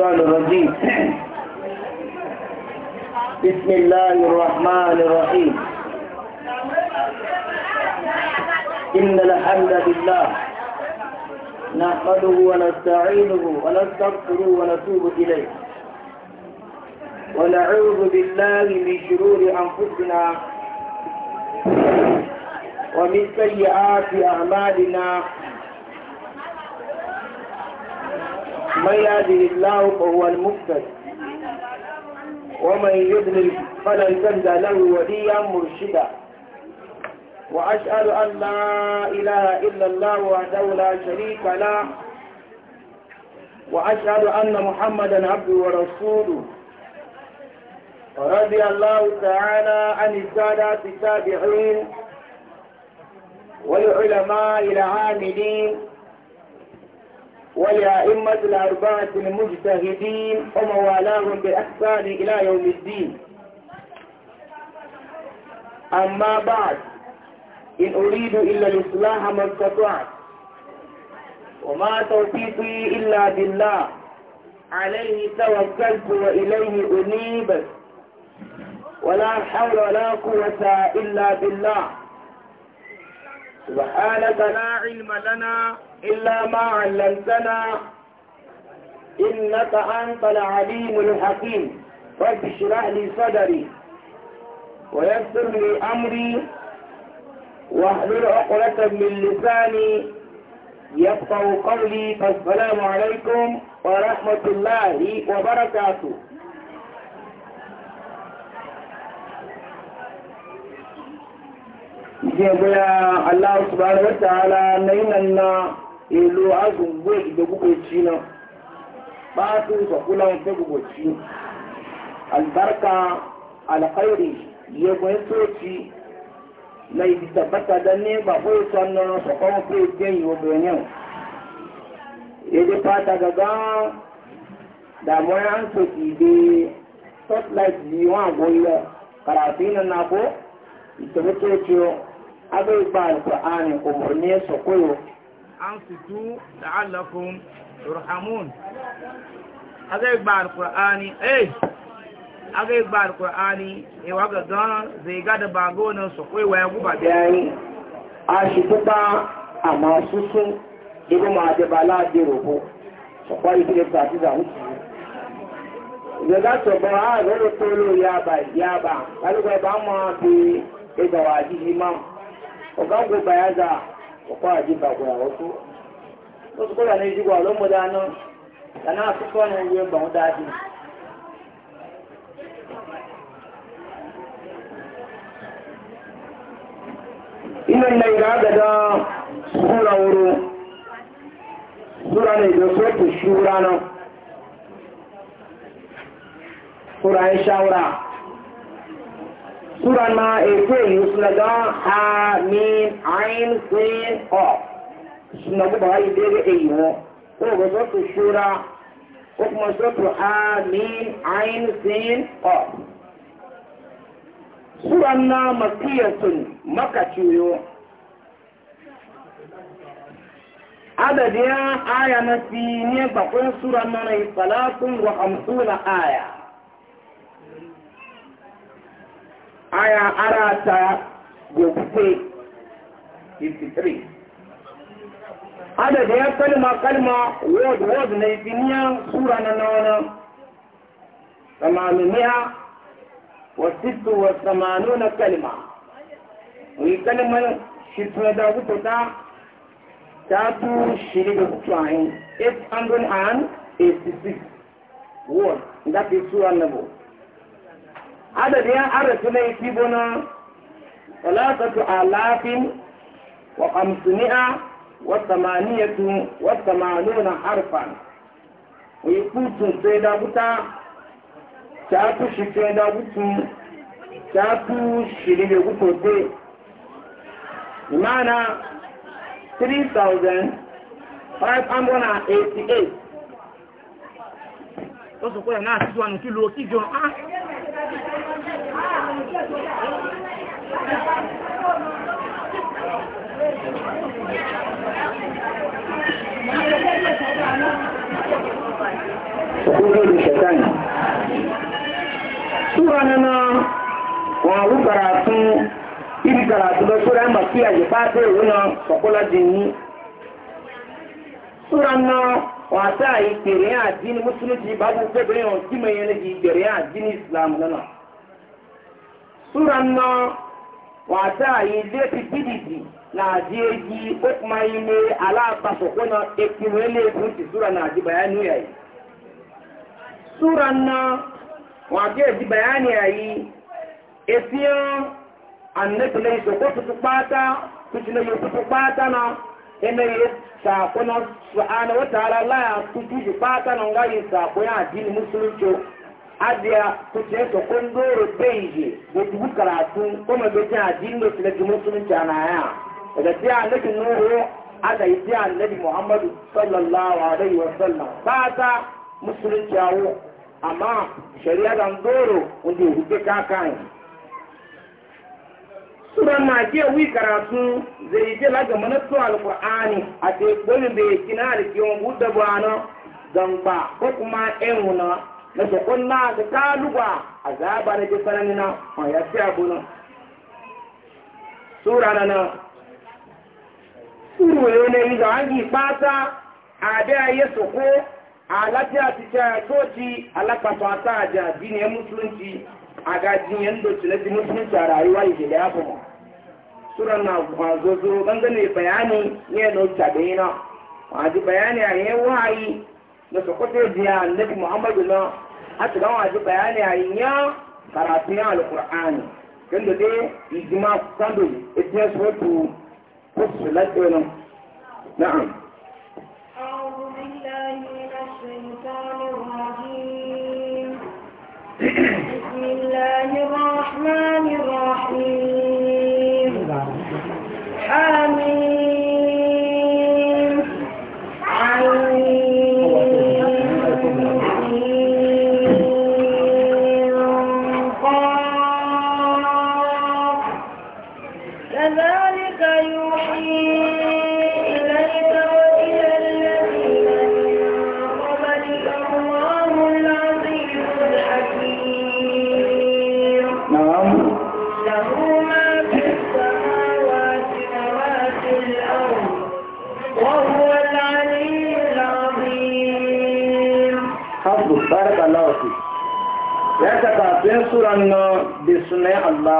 الشيطان الرجيم بسم الله الرحمن الرحيم إن الحمد لله نحمده ونستعينه ونستغفره ونتوب إليه ونعوذ بالله من شرور أنفسنا ومن سيئات أعمالنا من يهده الله فهو المفتد ومن يضلل فلن تجد له وليا مرشدا وأشهد أن لا إله إلا الله وحده لا شريك له وأشهد أن محمدا عبده ورسوله رضي الله تعالى عن السادة التابعين والعلماء العاملين ولأئمة الأربعة المجتهدين وموالاهم بإحسان إلى يوم الدين أما بعد إن أريد إلا الإصلاح ما استطعت وما توفيقي إلا بالله عليه توكلت وإليه أنيب ولا حول ولا قوة إلا بالله سبحانك لا علم لنا إلا ما علمتنا إنك أنت العليم الحكيم رب اشرح لي صدري ويسر لي أمري واحلل عقلة من لساني يفقه قولي فالسلام عليكم ورحمة الله وبركاته يا الله سبحانه وتعالى نينا نعم، نعم. èlò agùngbò ìdìbò gbogbo ìtì náà pàtó ìsọ̀kúlà ìfẹ́ gbogbo ìtì albarka alkhairi yẹgbọn tó ti na ibi tabbata da ní gbàgbọ́ ìtọ́ náà sọ̀kọ́ wọn pé gbẹ̀yìn obìnrin náà èdè pátá gàgán dààmú ẹ̀ ń sọ̀kì ìdè spotlight yìí wọn àgbo yẹ kàràfin nínú àgbo ìtọ́jú tó ti o abẹ́ àlùkò àrùn kò ní ẹ̀sọ̀kọ́ ansitu la'allakum turhamun agai gba alqur'ani eh agai gba alqur'ani e wa ga gan zai ga da bago nan so koi waya guba da yayi a shi tuba amma susun ido ma da bala da robo so kwai ki da ta za mu Ìjọba sọ̀bọ̀ ààrẹ ló tó ló yaba yaba, lálùgbà bá mọ́ bí ìgbàwà yìí máa. Ọ̀gá ń gbogbo ẹ̀yà dáa, ọ̀pọ̀ àdìbà gbọ̀yàwó tó na ti kọ́lá ní ìdígbà ọlọ́mọdé aná na àtúntò ọ̀nà ìwé ẹgbà wọn dáadé. inú ilẹ̀ ìrà àgàdà súra oró súra ní ìdó shura ṣúra Sura ya ẹ̀ ṣáwúra. Sura ma ete yi suna don ha min ayin sin o. Suna mu ba yi eyi wo. Ko ba so to shura ko kuma so to ha min ayin sin o. Sura na makiyatun makaciyo. Adadin aya na fi ne bakon sura na na yi salatun wa hamsuna aya. aya arata gobe 53 adada ya kalma kalma word word na ifiniyan sura na nawana samanuniya wa sittu wa samanuna kalma wani kalmar shi tuna da ta tota, ta tu shiri da kutu ahin 886 word da fi sura na nabu adadin arasu na isi buna talatatu alafin wa kamsuni'a wa samaniyatu wa samanuna harfan oyi kutu sai da kuta ta tu shi sai da kutu ta tu shiri da kuto te imana 3,588 ó sọ pé ẹ̀ náà síjú ànùkí lo kí jọ Òkúrò ìṣẹ̀tàn. Súra nínú wọn àwọn karatu, ibi karatu lọ súra ń bà sí àyíká tó ìwé náà sọ̀kọ́lá di ní. Súra náà wọ́n àtà ìgbèrè àdínì Mùsùlùmí bá gbogbo ìgbèrè hàn sí mẹ́yẹn ní ìgbèrè àdínì Ìsìlámù náà. sura nnọọ wata yi de pipididi na adị eji ko kuma yi ne ala apasoko na ekiwe ti sura na bayani ya yi sura nnọọ wata eji bayani ya yi efiyan yi tutu kpata na ala kpata na nga yi ya adiya kuce ta kun doro beije da dubu karatu kuma be ta addini da tilaki musulunci da naya daga ta annabi nuhu ada ti an nabi muhammadu sallallahu alaihi wa sallam ba ta musulun jawo amma shari'a dan doro wanda ya ka kakan suran ma ke wi karatu zai je laga manatu alqur'ani a te bolin da ya ki on budda bana dan ba ko kuma enuna na shakon na da taluba a zaba na jisanin na a ya fi abu na sura na suru yau na yi da hangi fata a da ya soko a lafiya ti ta toci alakasa ta a jaji ne musulunci a gajin yadda ci na ji musulunci a rayuwa yake da ya fi mu sura na gwanzozo gangane bayani ne na wuce da yana a ji bayani a yi wahayi da su kuɗe biya annabi muhammadu na a ci gawa ji bayani a ya karatu ya alƙur'ani kan da dai kando ita ya suwatu ko su lafiya nan na'am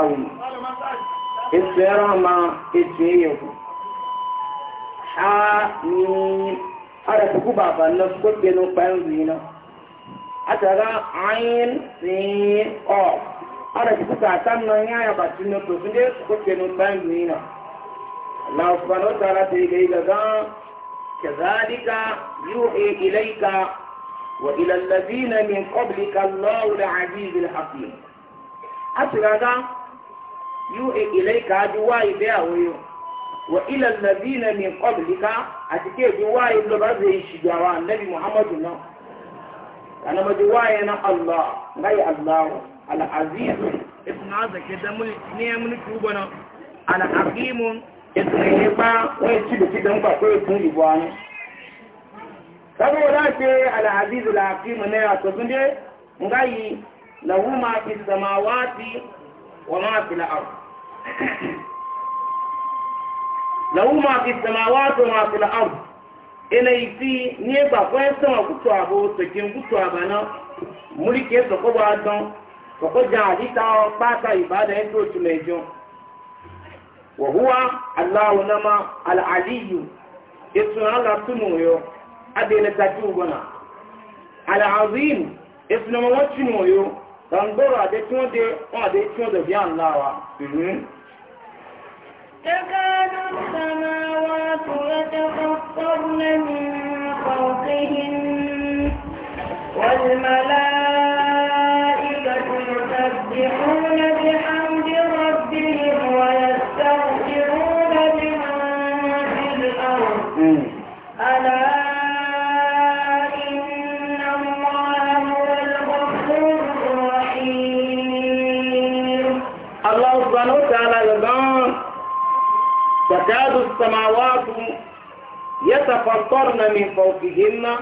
الشراوي اسرما اسميه حامين هذا تكوبا فنس كتنو بانزينا أترى عين سين أو هذا تكوبا تم نعيا باتنو تفنس كتنو بانزينا الله سبحانه وتعالى تيجي لغا كذلك يوحي إليك وإلى الذين من قبلك الله العزيز الحكيم أترى yúhe ìlẹ́ka ju wáyé bẹ́ àwọn yóò wà ilẹ̀ nàbí ilẹ̀ ní kọ́bìlíkà àti kéèkì wáyé lọ́ba ṣe ìṣìjọ àwọn anabi muhammadu náà kanamadu wáyé na allah ngáyé allah al'azim ibùn azàkè dámúlì ní ẹmúlì tí ó gbọ́nà al'akimu ìsìn ìyẹ́pá wọ́n ti lè ti dánwà pé ìtún ìbò àwọn saboda ce al'aziz al'akimu na ya tafi ne ngayi lahu ma fi samawati wa ma fi la'ar lahu ma fi samawati ma fi al-ard ni e gba fún ẹsẹ̀ kutu abo tokin kutu abana muliki don alita o pata ibada en to tumejo wa huwa nama al-aliyu etu ala tumu gona al etu nama wachinu yo تكاد السماوات يتفطرن من خلقهن والملائكة السماوات يتفطرن من فوقهن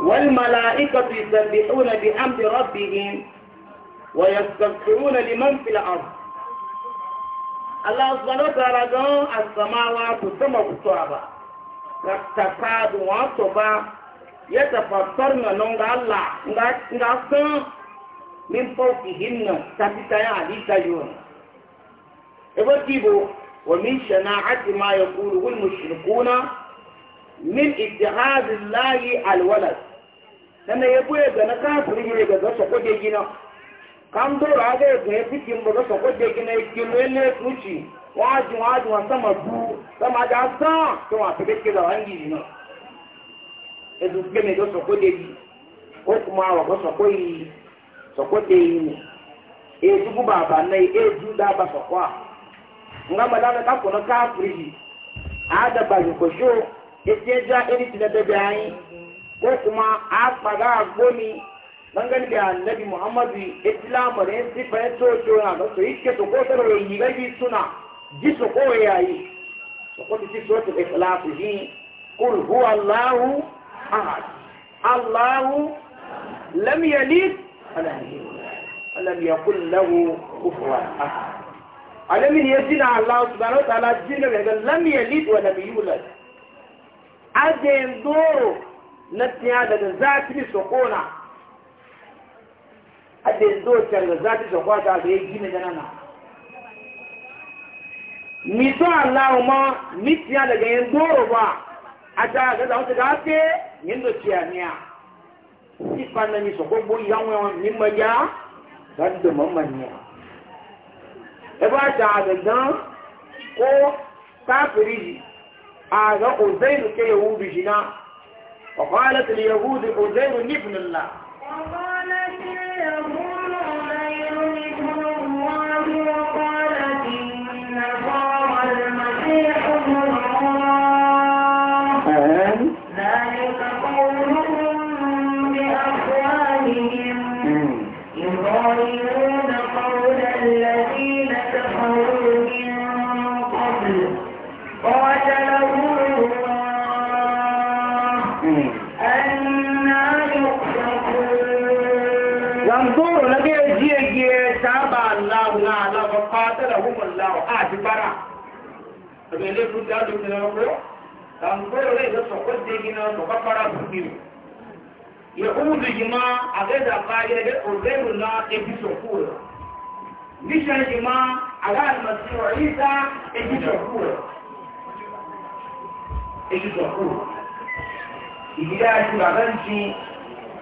والملائكة يسبحون بحمد ربهم ويستغفرون لمن في الأرض الله سبحانه وتعالى قال السماوات سمع الصعبة تكاد وصبا يتفطرن نونغ الله نغسن من فوقهن تفتايا عليك يوم إبو ومن شناعة ما يقوله المشركون من اتخاذ الله الولد sannan ya goya ga na ga gasa kwaje gina kan dora ga ya goya fikin ba gasa kwaje gina ya kilo ya ne tuci wajin wajin wa sama bu sama da sa to wa da wangi na ya zuke ne gasa kwaje gi ko kuma wa kwaje ne ju da ba nga madana ka kono kafiri ada ba ko sho ejeja eri tida bebe ayi ko kuma akpaga agboni bangan da annabi muhammadu e islamu ne si fa e to to na ga so ike to ko taro yi ga yi suna ji so ko e yayi so ko ti so to ikhlas ji qul huwa allah ahad allah lam yalid ولم يكن له كفوا احد annabi ya jina Allah subhanahu wa ta'ala jina daga lam yalid wa lam yulad ajen doro na tiya daga zati su kona ajen doro tiya daga zati su kona ta ya jina da nana mi to Allah ma mi tiya daga yin doro ba a ta ga da wata gafe yin do tiya niya si panna mi so ko bo yawo mi ma ya dan do mamman niya ẹgbẹ́ àjà àgbẹ̀dán kó káàkiri yìí àgbà òzẹ́rù ké yahudu yìí náà ọ̀kọ́ alẹ́ tẹ̀lé gangoro na zai jiye giye ta ba Allah na Allah ba fata da hukun lawa a ti bara a bai zai futa da kuma ko gangoro zai zai sokon da gina su ka fara su biyu ya uzu jima a zai da bayi da ƙorzainu na ya fi sokura nishan jima a ga almasu wa isa ya fi sokura ya fi sokura ìdílé àti bàbá ń ti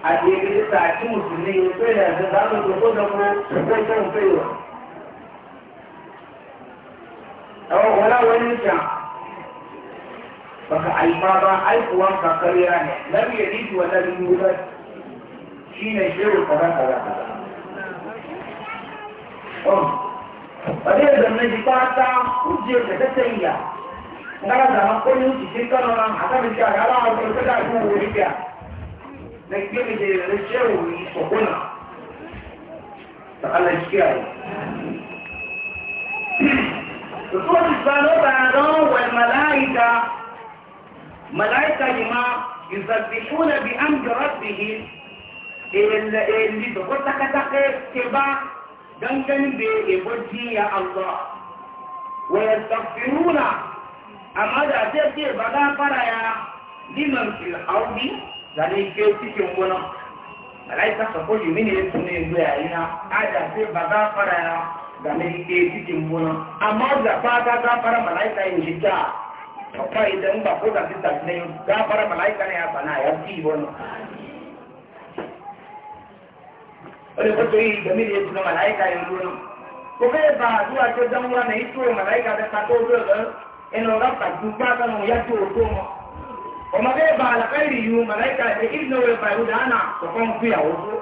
àti ìgbésà àti mùsùlùmí pé ẹ̀sìn ìdánilójú tó dọ̀kọ́ ẹgbẹ́ ìṣẹ́ ìfẹ́ yọ. Ẹ̀wọ̀n wọn láwọn ní ìjà baka alfaba alfuwan kakariya ne labi ya riji wa labi yular shi ne shehu kaza kaza kaza. Wani yadda na ji fata kujiyar da ta sanya. Ngara zama kwenye uchi shi kanona, haka mishi a gara a kwenye kada a kuma wuri biya. na gini da na cewu yi sokuna ta Allah shi kiyaye Rasul Isbano Baron wal Malaika Malaika lima yusabbihuna bi amdi rabbihim اللي بقول لك تبع دنجن بوجه يا الله ويستغفرون أما ذا تبع بدا فرا لمن في الأرض zani ike cikin gona malaika sako yi mini ya tuni egbe a yi ha aja sai ba ya zani ike cikin gona amma da ba ta za fara malaika yin shi ta ọkọ idan ba ko da sita ne malaika ne ya sana ya fi wani wani kwato yi da mini ya malaika yin gona ko ba zuwa ta dan wani ito malaika da ta ọmọdé bá alákàrí yìí màláìka ṣe ìdílé wẹ̀ bá ìwúdà ánà tọ̀kọ́ ń fìyà wọ́n tó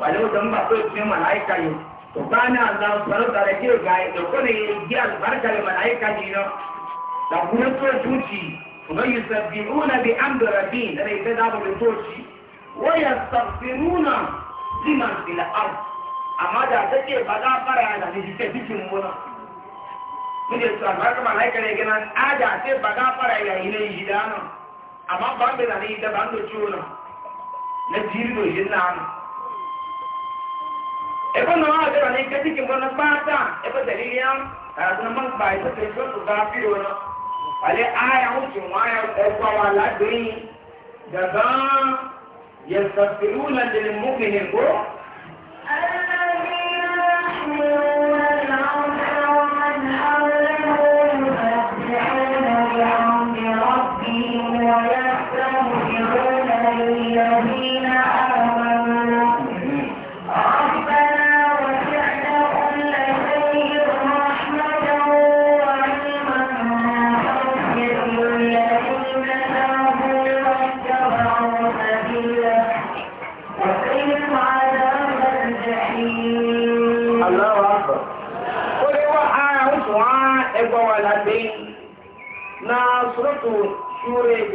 wà ló dọ̀ ń bà tó ìpín màláìka yìí tó bá ní àlá ìpàdé tàrẹ kí ògá ìdọ̀kọ́ ní ìgbé àlùbáríkà lè màláìka yìí lọ. làkúrẹ́ tó tún jì ọmọ yìí sàbí òun àbí àmbẹ̀rẹ̀ bíi lẹ́nu ìfẹ́ dáàbò tó jì wọ́n yà sàfihúnà zimantila àrùn àmọ́ dà sẹ́kẹ̀ bàdá bára àná Mun da su albarka malaikar ya gina, a da sai ba gafara ya yi amma ba mai zane ita ba do ciwo na na jiri do yin na na e ko ana ebe na wa da ne kaji kin wannan fata ebe dalili ya karatu na man ba ita ce ko ga fiyo na ale aya hukin waya ko kwa wala dai daga yastaghfiruna lil mu'minin ko الذين يحملون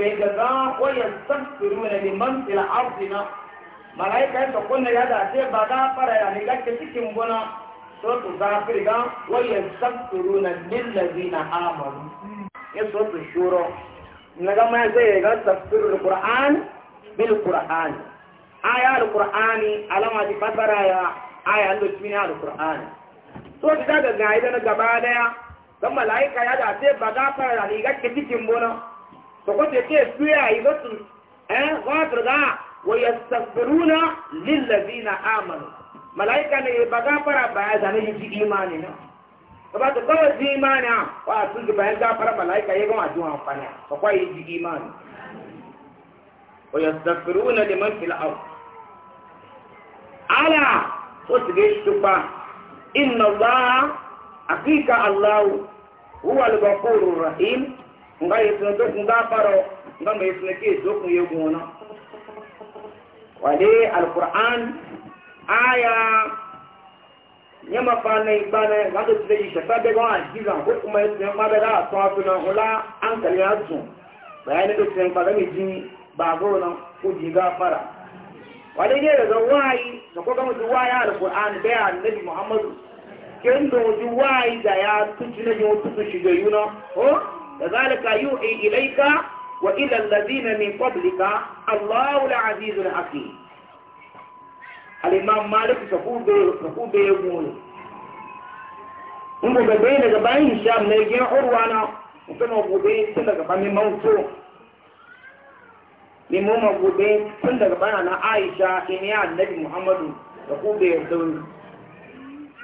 bai gaza wayan tafsiru ne liman fil ardina malaika ya sokon ne ya da ce ba ga fara ya ne gake cikin gona so to zafir ga wayan tafsiru ne lil ladina amanu ya so to shuro naga mai zai ga tafsirul qur'an bil qur'an aya al qur'ani alama di fasara ya aya ando cimini al qur'ani so ti daga ga idan gaba daya kan malaika ya da ce ba ga fara ya ne gake cikin فقلت يتبع يبطل ها غافر ده ويستغفرون للذين آمنوا ملائكة يبقى فرا بعد أن يجي إيماننا فبعد كل ذي إيمانا وأصلك بعد فرا ملائكة يقوم أجوا فنا فقوي يجي إيمان ويستغفرون لمن في الأرض على وتجيش تبا إن الله حقيقة الله هو الغفور الرحيم nga yi sun to sun ga faro nga mai sun ke so kun yi gona wale alquran aya nyama fana ibana ga to tsaye shi ta daga an kiza ko kuma yi sun ba daga to asu na hula an kali ya su bayani da sun ba ga mi ji ba goro na ko ji ga fara wale ne daga wayi da ko ga mutu waya alquran da annabi muhammadu kendo ju wayi da ya tuji na yo tuji ga yuna oh kadhalika yuhi ilayka wa ila alladhina min qablika Allahu al-azizul hakim al-imam malik sahube sahube yumul umu gabe ne gaba insha Allah ne ge hurwana to no gobe tun daga ban mai mutu ni mu mu tun daga ban Aisha sai ne annabi Muhammadu sahube yumul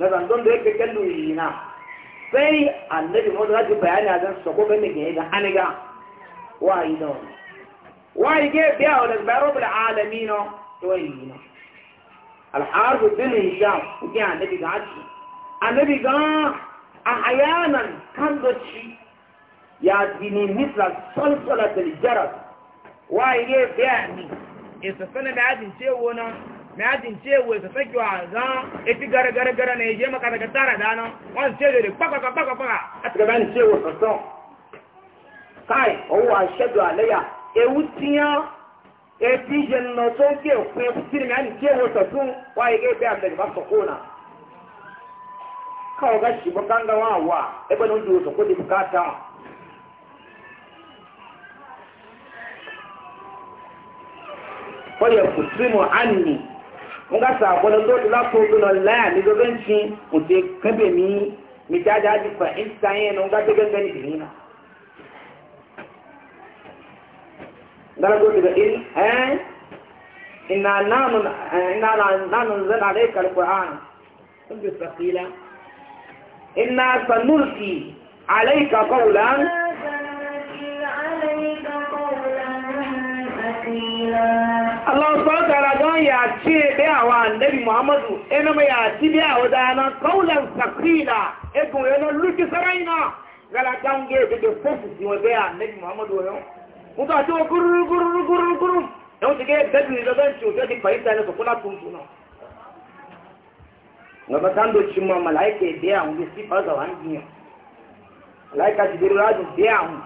لكن هناك كالوينا فاي عندك مدرسة بيانا هذا سوكو بني جيدا حانيقا واي دون واي جيب بيانا عدن بيروب العالمين توينينا الحارف الدين الهجام وكي عندك قاتل عندك قاتل احيانا كان دوشي يعدني مثل صلصلة الجرس واي جيب بيانا إذا سنة بيانا عدن تيوونا adin cewa ta sake wa za gara-gara-gara na yaje maka daga tara da nan wani ce da a ti gaba ni cewa sassan kai owo a shaɗu alaya ewu tiya e je na to ke kun ya fi ni ani cewa sassan wa ya ga daga kona ga shi wa ebe na wasu kudi bukata nga sa ko na dole la ko no la ni o mi mi ta da ji fa in ta yin nga te ganga ni dina dara go da in eh inna nanu eh, inna nanu zan alayka alquran kun bi saqila inna sanulqi alayka qawlan alayka qawlan Allah man ya ce bayawa annabi muhammadu ina mai ya ci bayawa da yana kaulan sakila egun yana luki saraina gala dange da da fosu si wa annabi muhammadu wa yau kuka ce gurur gurur gurur gurur yau cike da duk da zan cuta da fahimta na su kula tuntuna na ba tan docin ma malaika biya mu si fa ga wani malaika jibril rajin biya mu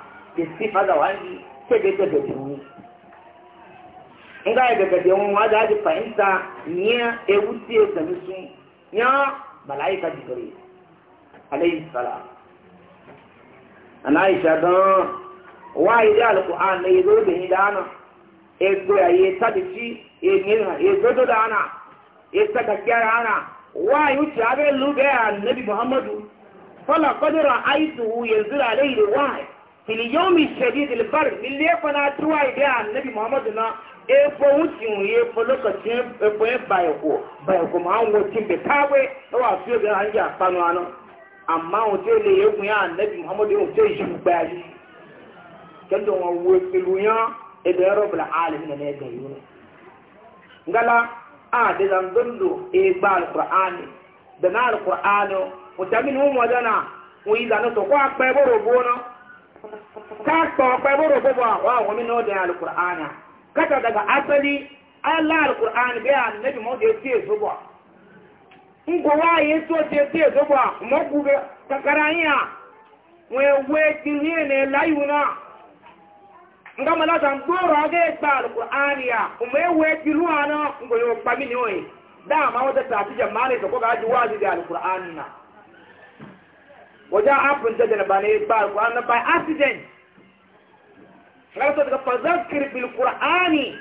nga daga da yawan wa da fahimta niya e wuce da musu ya malaika jibril alayhi salam ana aisha don wa ida alquran ne zo da hidana e zo yayi ta da shi e nira e zo da ana e ta ka kyara ana wa yu ta ga luga annabi muhammadu fala qadra aitu yanzu alayhi wa في اليوم الشديد البرد اللي يفنى توا nnebi muhammadu na نا efo wucin ye lokacin efo ye bayako bayako ma an wucin be tawe wa fiye ga an ja panu ano amma o le yegun ya muhammadu o te yi yi kendo won wo pelu yan e be rabbul alamin ne ga yi a de gba kakpa kwaibar rububu wa wani na wajen alkur'ana kata daga asali allah alkur'ani bai annabi mawda ya ce zuba in gowa ya so ce ce zuba magu ga takaraniya wewe kiniye ne layuna nga mala san gboro age gba alkur'ani ya ume we kilu ana ngoyo pamini oyi da ma wata ta ti jama'ale to ko ga ji wazi da alkur'ani na wajen happen da janaba ne ba alkur'ani by accident na so daga fazakir bil qur'ani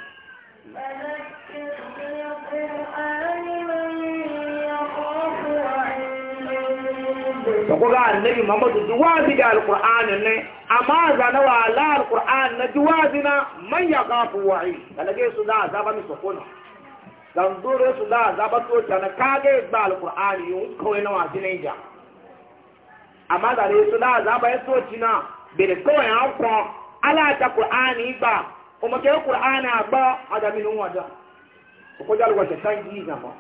ko ga annabi Muhammadu duwazi da alqur'ani ne amma zana wa la alqur'ani na duwazi na man ya kafu wa'i kalage su da azaba mi sokona dan dore su da azaba to ta na kage ba alqur'ani yun kawai na wasi ne ja amma da ne su la za ba yaso cina bere kawai ya kwa ala ta ba kuma ke qur'ani ba adamin wada ko dal wata tangi na ma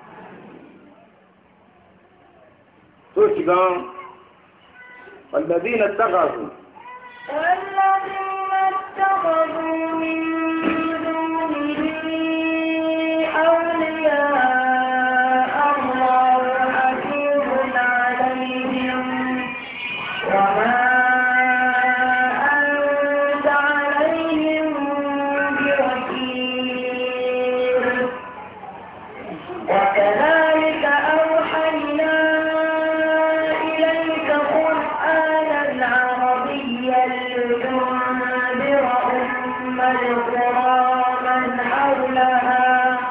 to kiga والذين اتخذوا والذين اتخذوا من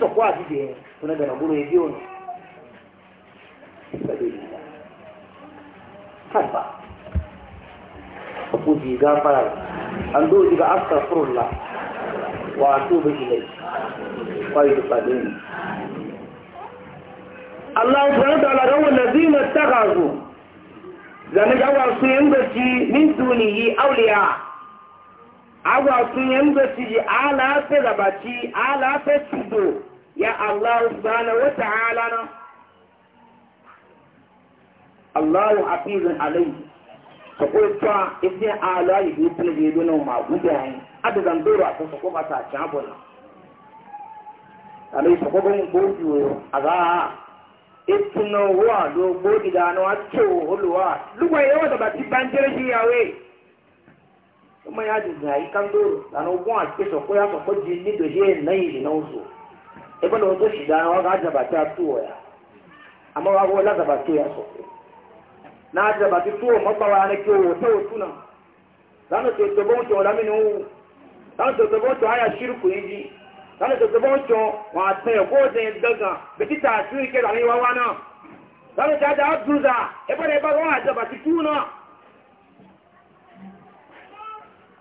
sọ kó àdìdì yẹn tó náà gbẹ̀nàgbọ́n rẹ̀ bí òní. Haifa, a ji gafara, an zo ji ga astaghfirullah wa atubu ilayhi. ويدخلون الله سبحانه وتعالى هو الذين اتخذوا ذلك هو الصين من دونه أولياء agwa sunye mgosiji ala afe zabaci ala afe tudo ya Allah subhanahu wata ta'ala na Allahu hafizun alayhi so ko ta ibn ala yi tun je don ma gudu ai adadan doro a so ba ta na alayhi so ko ju aga wa a cho holwa lugwa yo da ba mmanya dịdị anyị ka ndị na a kesọkọ ya sọkọ ji n'idozie na iri na ụzọ ebe na ụzọ shida ọ ga tụọ ya amaghị agwọ ya na ajabata tụọ magbawa ya n'ike owo tụọ otu na lánà tó tó bọ́n tán lámínú wù lánà tó tó bọ́n tán àyà ṣírùkù yìí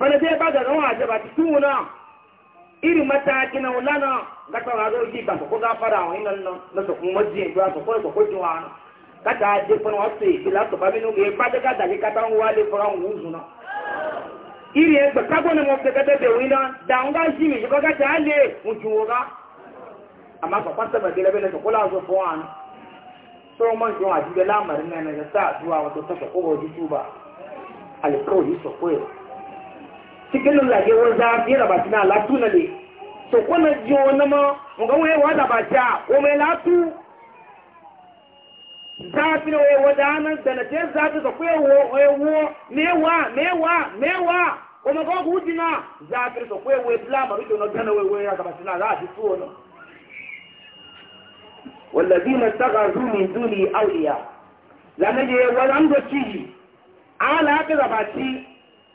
wani zai ba da rawa da ba ta tuna irin mataki na wulana ga tauraro ji kan ko ga fara wa inan nan na su kuma majiya ba su ko su kojo wa ka ta je fara wasu ila su ba minu ga ba da ga da ka ta wa le fara wu zuna iri e ba ka gona mo da ga da be wina da an ga shi mi ko ga ta le mu ju ga amma ko kwanta ba dele bele ko la zo fo an a ji da lamarin ne na ga sa duwa wato ta ko tuba alkawari so koyo cikin lage wanda ya raba tana latu na ne so kuna ji wani ma ga waye wada ba ta o mai latu zafi na waye wada nan da na ce zafi ga kuwa wayewo mewa mewa mewa o ma ga huji na zafi ga kuwa waye bla rike na gana waye waye raba tana za a ji tuwo na والذين اتخذوا من دوني اولياء لما يولى عن على هكذا باتي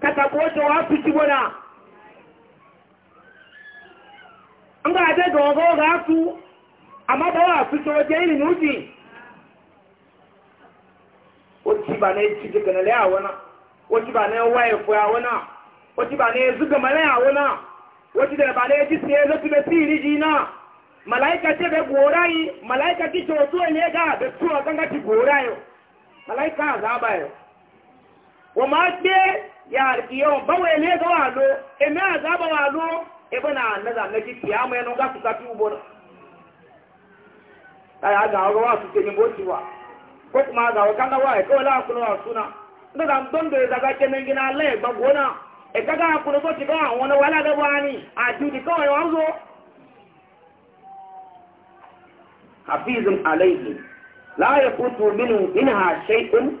katakoto wapiti bona nga je gongo n'uti. amabawa apiti ojeini nuji otiba na ekijiganale awona otiba na ewaifu awona otiba na ezugamale awona otidala ba na ejiseezo tibesiiri jina malaika tebe gworayi malaika kicotuwe nega betuwa ganga tigworayo malaika azabayo wamaje ya alkiyo bawa ne ga walo e me ga ba walo e bana na na na kiki ya mai no ga su kafi ubo na ya ga ga wa su ke ni boci wa ko kuma ga wa kan da wa e ko la ku wa suna da dan don da daga e ke men gina le ba gona e ga ga ku to ti ga won wala da wani a ju di kawai wa zo hafizun alayhi la yafutu minhu minha shay'un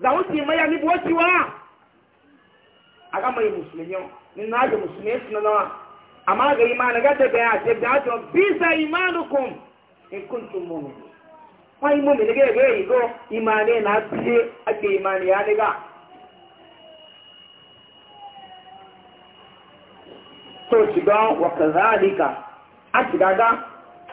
da wuce maya ni bo ci wa aga mai musulmi ni na ga musulmi su na nawa amma ga imani ga daga ya ce da to bisa imanukum in kuntum mu'minin wa imu mi ga ga yi go imani na tiye ake imani ya daga to shiga wa kazalika a shiga ga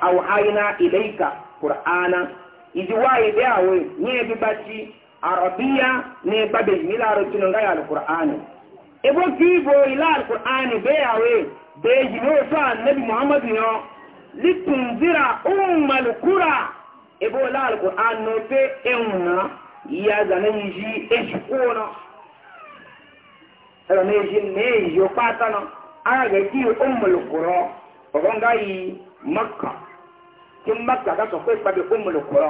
awhayna ilayka qur'ana idi wa idawo ni bi bachi arabiya ne babe ni larabci nan gaya alkur'ani ibo kibo ila alkur'ani be yawe be yi no fa annabi muhammadu yo litunzira ummal qura ibo la alkur'an no be enna ya zanen ji ejikona ẹ̀rọ ní ṣe ní èyí ó pátá náà aráàgbẹ̀ kí ó mọ̀lùkùrọ̀ ọ̀gọ́ngá yìí mọ́kà kí mọ́kà ká sọ pé ìpàdé ó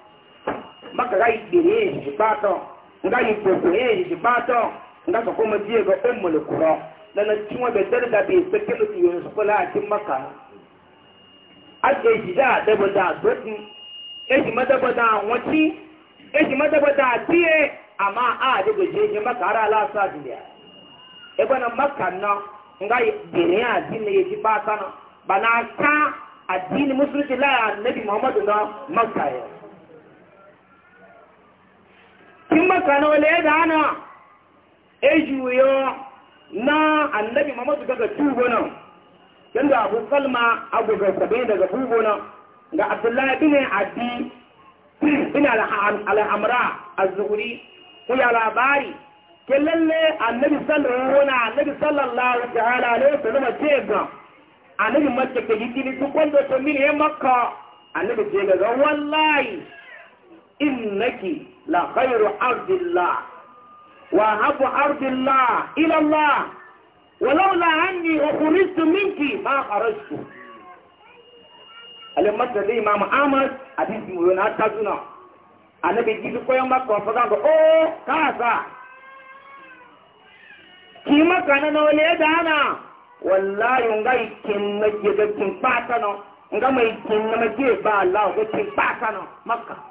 maka ga ikpere ejiji kpatọ nga ikpokwe ejiji eh, kpatọ nga sọkọ mo die ga ụmụlụ nana tiwọn bɛ dɛrɛ da bɛ yen pɛtɛ bɛ tiwọn sɔkɔ la a ti ma kan a ti ezi eh, da dɛbɔ eh, da do ezi ma dɛbɔ da ezi ma dɛbɔ da ama a de bɛ ezi ma kan ara ala sa di ya na maka ma na nga gɛrɛ a di ne ye ti ba kan na bana kan a di musulmi ti la ya ne bi muhammadu na ma kan kimma kano le da ejuyo eh, na annabi mamadu daga tugona yanda abu kalma abu ga sabe daga tugona ga abdullahi bin abi bin al-amra az-zuhri ku ya labari ke lalle annabi sallallahu ta'ala alaihi wasallam ce annabi makka ke gidini su kwando to mini makka annabi ce ga wallahi innaki la khairu abdillah wa habu abdillah ila Allah ولولا عني أخرجت منك ما خرجت alimata da a ahmad hadisi mu yana ta na annabi gidu koyon maka wasu zan ga o oh, kasa ki maka na na wale da ana wallahi nga ikin na ke ga kin pata no nga mai kin na ma ba allah ko kin pata maka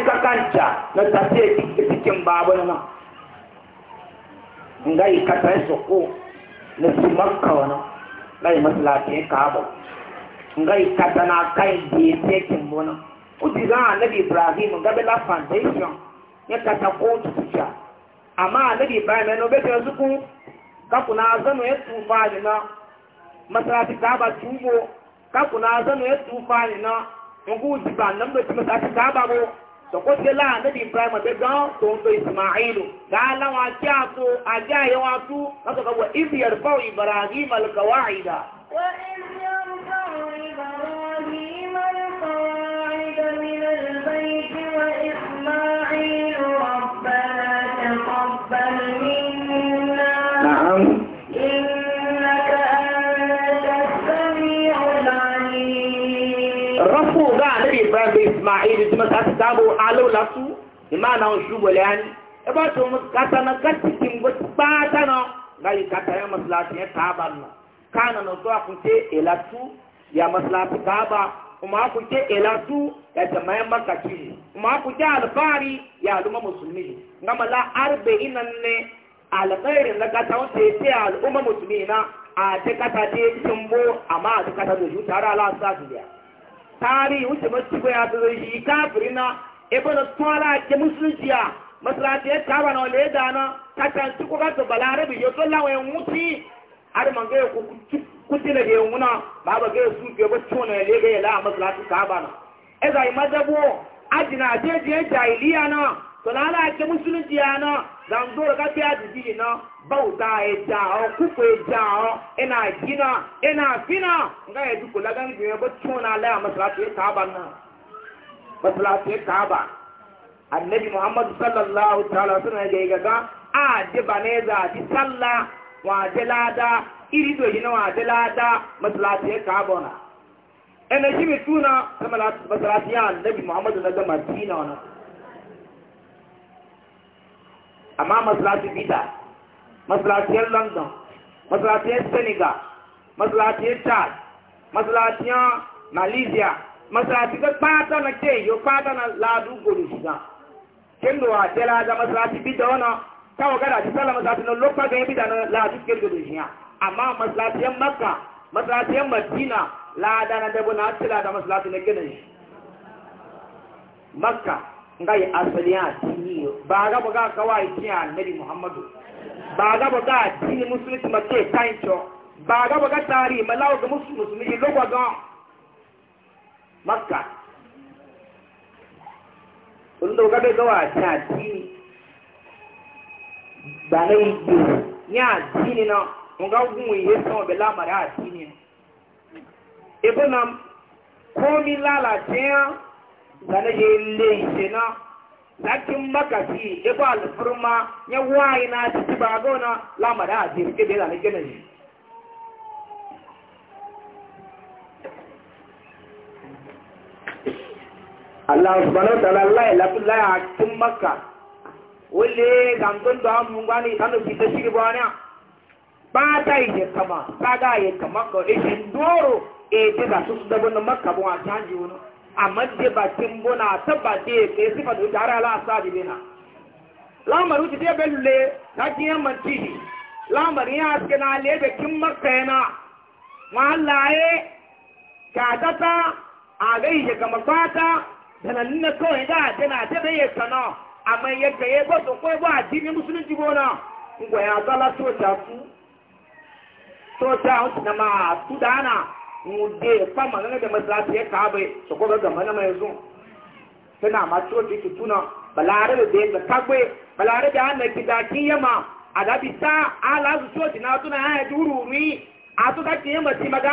ikakanta na tafiye cikin babu nan nga yi katar soko na su makka wani na yi masalafin kabo nga yi kata na kai da ya tekin wani uji za a nabi ibrahim gabi la foundation ya kata ko tutuja amma nabi ibrahim ya nobe ta zuku kaku na zano ya tufa ni na masalafin kaba tubo kaku na zano ya tufa ni na ngu uji ba nan da ci masalafin kaba bo sọ̀kọ́ ṣe láàánú ibrahim ọ̀dẹ́gbọ́n tó ń lo ismailu gàálà wọn àti àtò àjẹ́ àyẹ̀ wọn tú lọ́sọ̀ kan wọ ibi ẹ̀rọ fáwọn ibrahim alkawaida. wọ́n ibi ẹ̀rọ fáwọn ibrahim. ismail ti ma sati sabo alo lasu ima na on shugo le ani e ba to mu kata na kati kin go ba ta no ga yi kata ya maslati ya taba no kana no to akun te tu ya maslati taba kuma akun te tu ya jama'a makaci kuma kun te alfari ya aluma musulmi ngama la ina ne alkhairin na kata o ya ce al'umma musulmi na a ta kata ce cikin bo amma a ta kata da jutara ala sa su biya tari wuce masu ko ya zai yi kafiri na ebe da tsara ke musulunci ya masalati ya taba na wale da na kacan cikin kasa balarabi ya tsola wa yan wuci har man ga ku na da yawuna ba ba gaya su ke ba ya lega ya la masalati taba na ezai madabo ajina jeje jahiliya na tọ́lára àti mùsùlùmí àná dàǹdóró ká bí àdìdì yìí ná báwùtà ẹja ọ kúkú ẹja ọ ẹnà àjínà ẹnà àfínà nga yẹ dùkú lágbàmì jùlọ bó tún náà lẹ́yìn mọ́sálásí káàbà náà mọ́sálásí káàbà anabi Muhammadu sallallahu ta'ala sọ̀rọ̀ ẹ̀jẹ̀ gàgá àdébà náà ẹ̀zà àti sálà wọn àdé láàdá ìrìdò yìí náà wọn àdé láàdá mọ́sálásí káàbà náà ẹnà jìbìtú náà mọ́sálásí ànábì muhammad náà amma masalasi bida masalasiyar london masalasiyar senegal masalasiyar chad masalasiyar malaysia masalasi ga kpata na ke yo kpata na ladu gori shiga kendo wa tela da masalasi bida wana kawo gada ci sala masalasi na lokpa ga bida na ladu ke gori shiga amma masalasiyar makka masalasiyar madina lada na dabo na tela da masalasi na gina shi makka ngai asali a tini ba ga ba ga kawai ti annabi muhammadu ba ga ba ga tini musulmi ma ke kancho ba ga ba ga tari malawo ga musulmi lokwa ga makka undo ga be ga wa ta tini ba na yi ya tini na nga gun yi so be la mara tini ebo na komi lalace zane je leyi kenan lakin makasi ya ba alfurma ya waye na titi ba gona lamada a jirgin da zane gina ne Allah subhanahu wa ta'ala Allah ya lafi laya a cikin makka wale zangon da mun gani tanu fita shi ba ne ba ta yi kama ta ga yi kama ko ishin ndoro e ta da su da wannan makka ba ta ji wani amma da bakin buna tabbate mai sifa da jara la sa dibina lamaru ti be le ta kiyan manti lamarin ya aske na le be kin makka yana wallahi ka data a gai je kama fata da nan ne ko ida tana ta be ya kana amma ya ga ya ba to ko ba dini musulunci gona ngwa ya zala so ta fu so ta na ma tudana mude kpama nana da masalasi ya kaba su ko ga mana mai zo tana ma coci ki tuna na da ga ya kagbe, da an ki da ki yama adabi ta ala su coci na tuna ha duru ni a to ti maga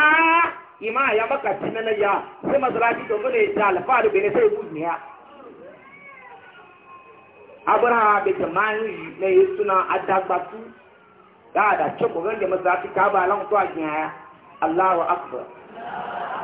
ima ya maka tinan ya sai masalasi to ne ya ya be jamani ne suna adagbatu ka abụ ala to ya akbar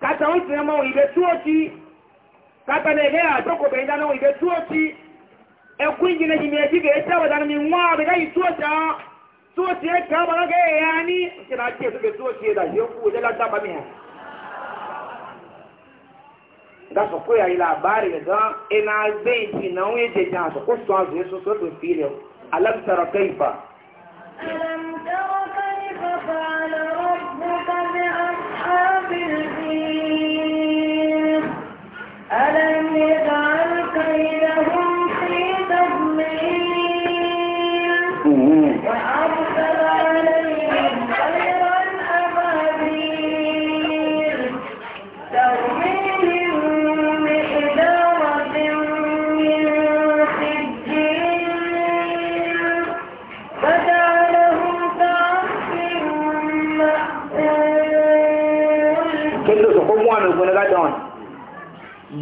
kata wọn sinima wọn ibe tuwo ti kata na ege ato ko bẹyìn dana wọn ibe tuwo ti ẹkún jìnnà jìnnà ẹjì kẹ ẹsẹ wọn dana mi wọn abẹ o tuwo ta tuwo ti ẹ kàn wọn kẹ ẹ yà ni ṣe na tiẹ tó bẹ tuwo ti ẹ la yẹ kú ọjọ la dábàá mi hàn. gasọ kó yà ilà abáàrí rẹ dán ẹnà agbẹ ìjì náà wọn èdè jàn àsọ kó sọ àzọ yẹn soso tó fi rẹ alámsarọ kẹyìfà. alámsarọ kẹyìfà fàlọ́rọ́.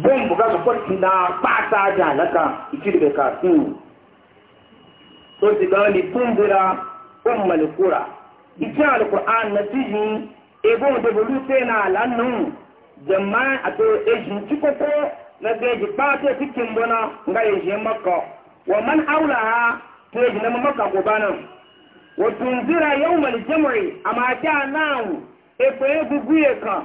bom buga su na pata da alaka ikiri da kasu so ti ga ni bumbura ummal qura ita alquran na tiji ebo de bulu te na ala lanu jama ato ejin tikoko na beji pata tikin bona nga ejin makko wa man aulaha to ejin na makka ko bana wa tunzira yawmal jam'i ama ta nan efe gugu ka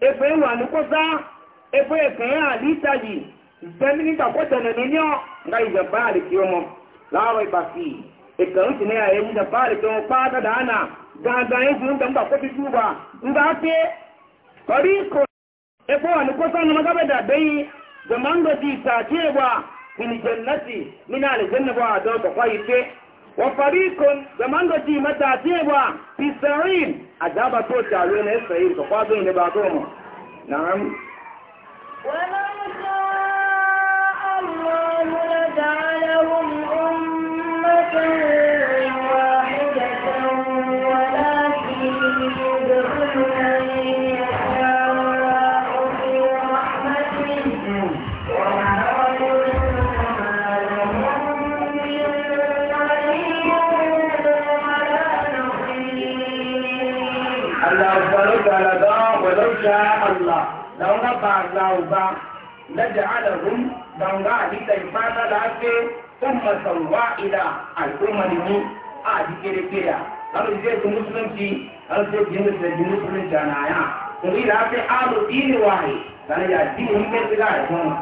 efe wa ni ko sa ebe ekanye alita ji zemini takwatana ninyo nga ijabari kiyomo laro ibasi ekan tine ya e yi da ana gangan e yi mba kofi ndị nga ake toriko ebo wani kosa na magabe da bayi ta cewa min jannati min aljanna ba da ta kwayi ce wa farikon zaman na ولو شاء الله لجعلهم أمة ba Allah ba na ja'alahum ganga hadita ifata da ake kuma sauwa ila al'ummar ni a jikere kira alu zai ji musulunci alu zai ji musulunci musulunci a naya kuma ila ake alu ini wahi dan ya ji mun kai tsira ya kuma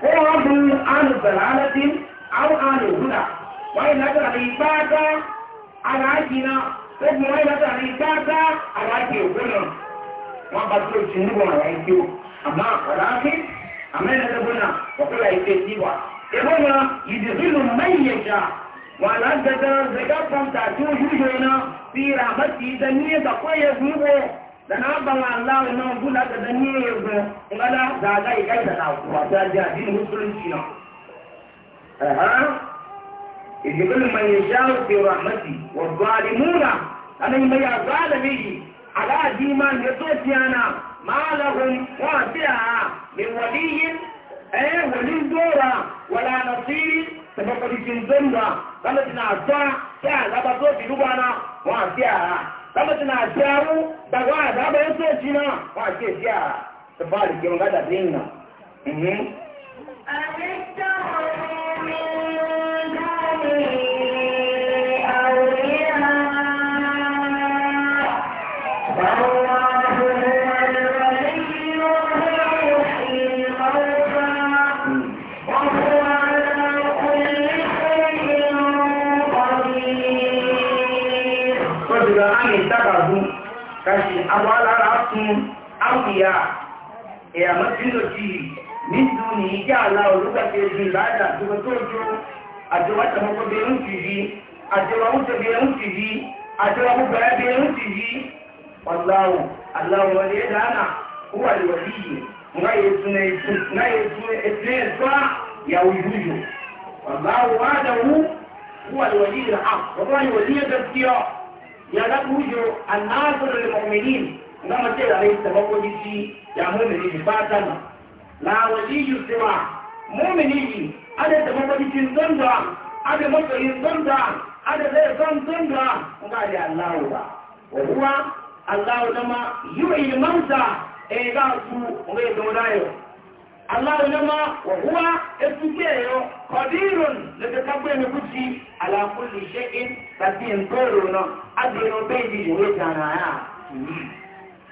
ko abu alu dalalatin aw alu huda wai na da ifata ala kina ko kuma wai na da ifata ala ke gunan wọn bá tó ti níbọ̀ àwọn ẹgbẹ́ o àmọ́ àkàràkí àmẹ́lẹ́dẹ́gbọ́nà ọ̀pẹ́lá ìfẹ́ ìwà ẹgbọ́nà ìdìbìlù mẹ́yẹ̀já wà lágbẹ̀dẹ̀ zẹ̀gá pàǹtà tí ó yúyọ náà fi ràmẹ́tì ìdẹ́níyẹ̀ dàkọ́yẹ̀ gbúgbọ́ dana bàwọn aláwọ̀ náà bú lágbẹ̀dẹ̀ níyẹ̀ gbọ́ ńlá dàgá ìgá ìdàlà wà dáadáa àdínú mùsùlùmí ìdìbìlù mẹ́yẹ̀já fi ràmẹ́tì wà gbọ́ aláàdí máa ń gẹ́tọ́ sí àná máa lọ́hùn wọ́n àti àá ní wọ̀lí yìí ẹ̀yẹ wọ̀lí ń dóra wọ̀lá àná sí tẹ̀fọ̀kọ̀dì ti ń dóńdà lọ́mọdé náà dá kí àlábà tó ti dúgbà náà wọ́n àti àá lọ́mọdé náà dí arú gbàgbọ́ àdábọ̀ ẹ̀ tó ti náà wọ́n àti èsì àá tẹ̀fọ̀ àdìgbẹ̀rún dé ìnà. Àdéjọ́ أولياء يا مسجد جي من دونه جعل ولغة الجلادة تبتوجو أجوة مقبل تجي أجوة مقبل تجي أجوة مقبل تجي والله الله ولي دانا هو الولي ما يسنى ما يسنى إثنين يا وجوجو والله وعده هو الولي الحق والله ولي التذكير يا لك وجه الناصر للمؤمنين na mace da rai ta bako jiki ya mumini ji fata na na waje yi sima mumini ji ada ta bako jiki zonda ada masoyi zonda ada zai son zonda nga da allahu ba wa huwa allahu nama yi ilmanta e eh, ga su nga eh, ya zama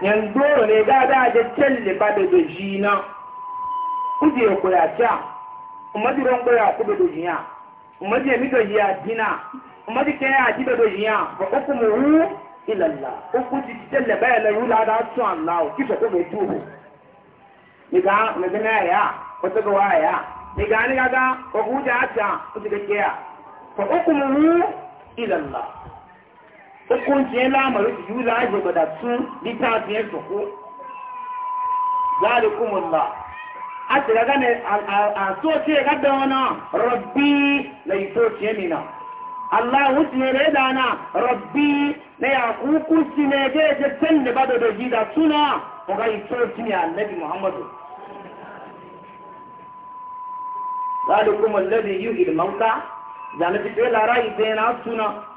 yanzu ne da da da kelle ba da da jina kuje ya koya ta kuma ji ran koya ku da da jina kuma ji mi da ya dina kuma ji kai ya ji da da jina ba ku mu hu ila Allah ko ku ji kelle ba la yula da su Allah ki so ko be tuhu ni ga me ga ya ko to ga ya ni ga ni ga ko ku ja ta ku ji da kiya hukuncin lamarin su yi zaje ba da sun littafiyar su ko zalikumullah a tira gane a so ce gadda wana rabbi lai so ce ni na Allah wuce ne da na rabbi na ya hukunci ne ga ya can da bada da ji da suna ko ga so ce ne annabi muhammadu zalikumullah da yi ilmanka zalikumullah ra'ayi sai na suna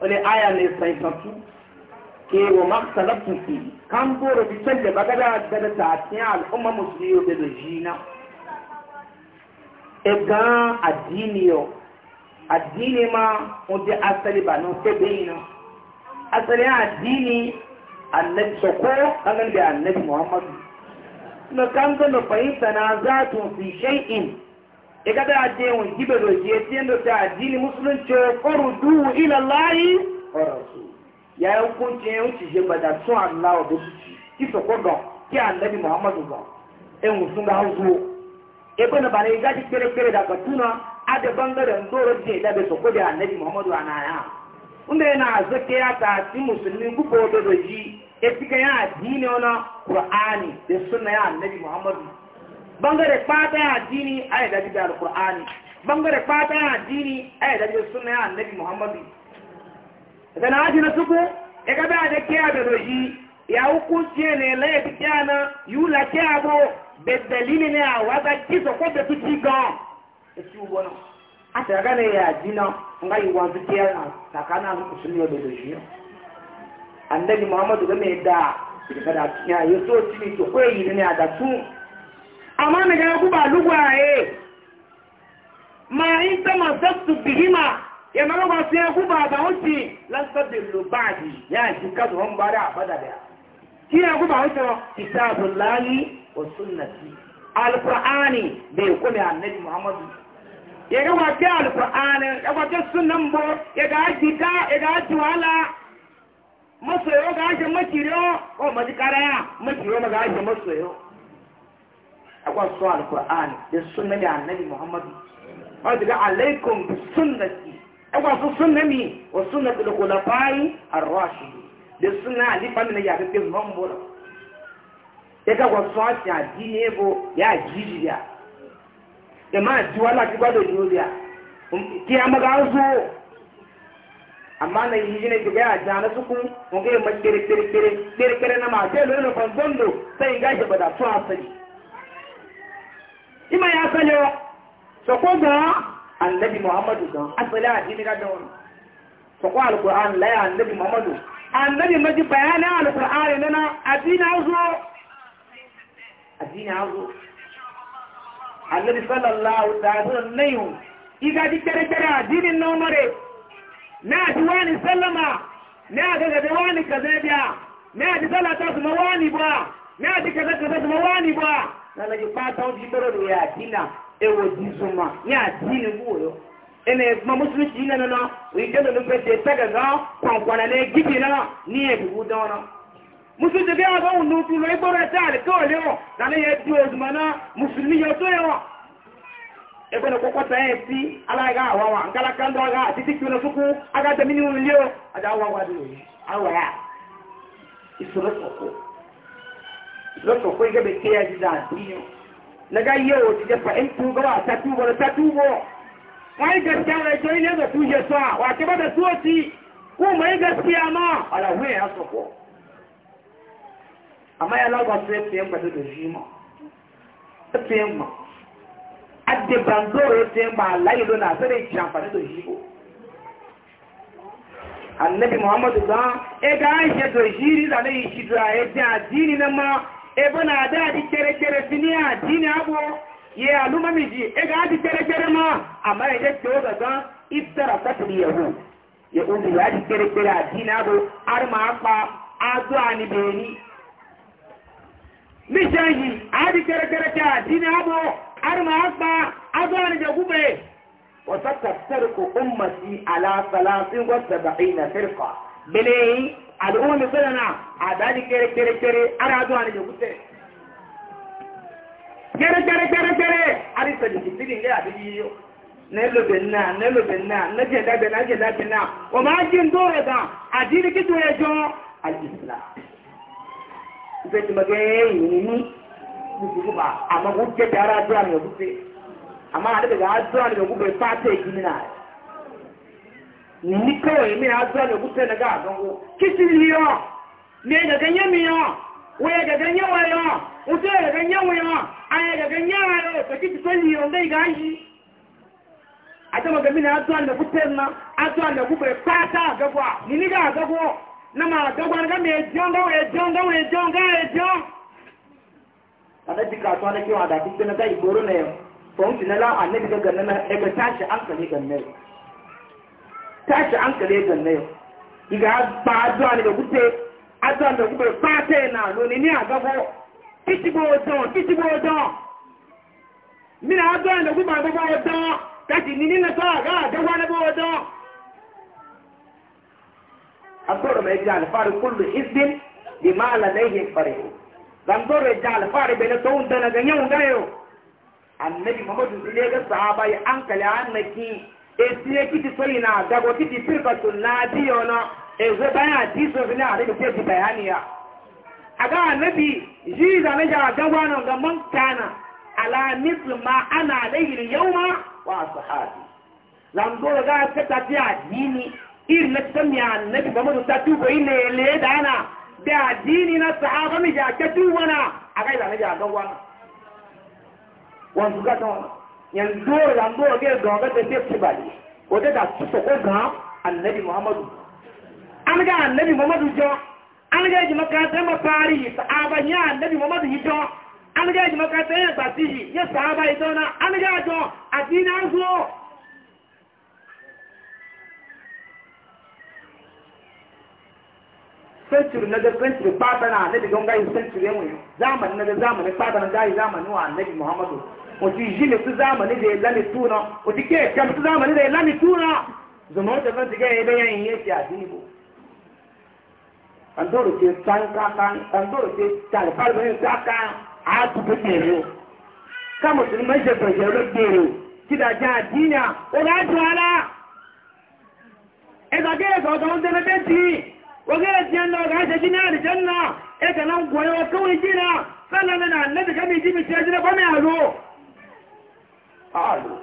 wani aya ne saifatu ke wa maksalatu fi kan boro bi can da bagada da da tafiya al'umma musulmi da da jina ega addini yo addini ma wanda asali ba nan sai bai na asali addini annabi soko kan da annabi muhammadu na kan da fahimta na zatun fi shay'in ya e ga e da ajiyewun gibe da jiye tiyan da ta addini musulunci kuru duhu ila layi wa ọsọ, ya yi hukunci ya wuce shi ba da sun allah wa ki ki annabi muhammadu ba ɗan musulun da hauzo ebe na bana ya gaji kere-kere da katuna a da bangaren doron ya bangare fata addini a yi daji da alkur'ani bangare fata addini a yi daji da suna ya annabi muhammadu da na aji na suku ya gaba da kiya da doji ya hukun ce ne laye fi kiya na yi la kiya bo da dalili ne a wata kisa ko da tuci gan da ci wani a ta gane ya jina nga yi wanzu kiya na tsakanin su kusurin da doji annabi muhammadu game da daga da kiya ya so ci ne to kwaye yi ne a da tun amma na gana guba lugwaye eh. ma in sama sattu bihima ya mara ba su ya guba ba wuce lansabin lubadi ya ji kasu hon ba da abada da shi ya guba wuce kitabun lali wa sunnati da ya kuma annabi muhammadu ya ga wace alfa'ani ya wace sunan bo ya ga aji ka ya ga aji wala masoyo ga aji makiriyo o majikara ya makiriyo ma ga aji masoyo akwai su alkur'ani da sunna da annabi muhammadu ma daga alaikum bi sunnati akwai su sunna mi wa sunnati da kulafai ar da sunna a bani na yaga bin mambura ya ga wasu a addini ebo ya jiji ya da ma ji wala ti gbado ji obi ya ki ya maga zo amma na yi ne ki ga jana su ku mun ga ma kere kere kere kere kere na ma ce lori na fanzondo sai ga shi bada su asali ima ya sale sako ga annabi muhammadu gan asala addini ga don sako alquran la ya annabi muhammadu annabi maji bayani alquran nana addini azu addini azu annabi sallallahu alaihi wasallam nayu iga di tere tere addini na umare na diwani sallama na ga ga wani kaza biya na di sallata su mawani nana ji kpata a ti bẹrẹ lu ya dina musulmi ti nana na oyi jẹnu nu pese tẹgẹ gan kọnkọnna ne gidi na ni ebi bubu dán na musulmi ti bẹrẹ wọn nu tu lọ igbọrọ ẹsẹ àlekẹ òde wọn nana di o zuma na musulmi yẹ tó yẹ wọn ebe na kọkọ ta si ala ga awa wa nkala titi kiwona suku aga ni wuli o awa wa awa ya lọ́tọ̀ kó igẹ́ bẹ kéyà jíjà lẹ́gá yẹ wò ti jẹ́ fà ẹ̀ ń tu gbọ́ àtà tu wọ́n yí gẹ̀ẹ́sì àwọn ẹ̀jọ́ ilé ẹ̀dọ̀ tu yẹ sọ à wà á ti bọ́dọ̀ ó ti kó mọ̀ yí gẹ̀ẹ́sì àmọ́ àlàwé ẹ̀ ma. pọ̀ lọ́gbà mọ̀ mọ̀ mọ̀ àlàyé muhammadu gan da na ya na ebe na ada kere-kere si ni ni abụọ ye alụmamiji ega kere-kere ma ama eje teo gaga iftara kwatiri yahu ya ubi ya adị kerekere adini abụ arma akpa azụ anyị beni mishan yi adị kerekere ka adini abụ arma akpa azụ anyị jagube wata tafsirku ummati ala salasin wata ba'ina firka bilayi al'ummi sadana a daji kere kere kere ara zuwa ne jagute kere kere kere kere a risa jiki tilin ya fi yiyo na ilo benna na ilo benna na jenda benna na jenda benna wa ma jin dole ba a jini kito ya jo al'isla ti ara zuwa ne jagute amma a daga zuwa ne jagute fata ya gini ni kawai mai hazuwa da gusa na ga gango kishin aya ya ganyen wayo ka kici son liyo dai gashi a ta maga na na ni ga na ma me jon ga waya jon ga waya jon ga waya jon ana jika to da kewa na ya igoro ne yau fahimci na la annabi ga na ga tashi tashi hankali ga na yau iga ba addu'a ne ga gute addu'a da gube fata na nuni ni a gabo kitibo don kitibo don na addu'a da gube gabo don kashi ni nina sa ga gaba na gabo don abdoro mai jihar fari kullu izbin bi ma lalaihin farihu zandoro ya jihar fari bai na tsohon da na ganyo gayo annabi muhammadu sallallahu alaihi wasallam ya ankali annaki etinye kiti soyi na dago kiti firkatu na biyo ono ezo baya ti so fina ari ke ti bayaniya aga annabi ji da na ja dago no ga man kana ala misl ma ana alayhi yawma wa sahabi lan do ga ta ta ti iri irin na ta mi annabi Muhammad ta tu ko ile le dana da adini na sahaba mi ja ta na ja dago wana wanzu ga ta wana yanzu rambo ga ga ga da ke bali wata da su ko ga annabi muhammadu an ga annabi muhammadu jo an ga ji makaranta ma fari sahaba ya annabi muhammadu hijo an ga ji makaranta ya basiji ya sahaba idona an ga jo adina zo century na da century fata na annabi don gayi century yawon zamani na da zamani fata na gayi zamani wa annabi muhammadu wato yi ne su zamani da ya lani tuna wato ke kam su zamani da ya lani tuna zama wata fasa ga ya bayan yin yake a dibo an doro ke san kakan an doro ke tarifar bayan kakan a su fi gero ka musulman shi fajero gero gidajen adina wani ajiyar ala ẹgbàgẹ́ ẹgbàgẹ́ ọdún dẹ́nẹ́dẹ́ ti wajen jiyan na ga shi ne aljanna e ga nan goyo kawai gina sannan na annabi kami ji mi sai ba mai azo alo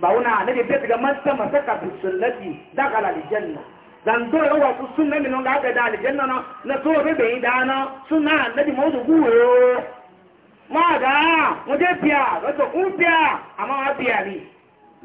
ba wuna annabi bai daga masta masaka bi sunnati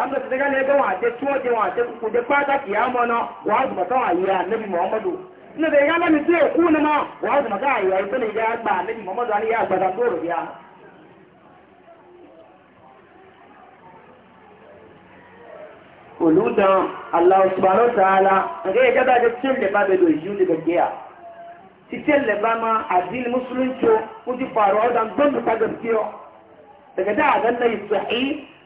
tàbí ti dẹ́gá lẹ́gbẹ́ wọn àti tí wọ́n jẹ wọn àti kò jẹ pàtàkì àmọ́ náà wọ́n á dùmọ̀ àyè ànẹ́bí muhammadu nínú ìyá lẹ́nu tí èkú ni mọ́ wọ́n á dùmọ̀ káwọn àyè àyè tó lè yá gbà ànẹ́bí muhammadu alẹ́ yá gbàdá tó rò bíá. olùdàn aláwùsùbàrọ̀ sàálà nǹkan ìjọba bá jẹ tí ó lè bá bẹ lò ìyú lè gẹ̀gẹ́ à títí lè bá ma àdínlẹ̀ mùsùlùmí tó ń ti pààrọ̀ ọ̀dà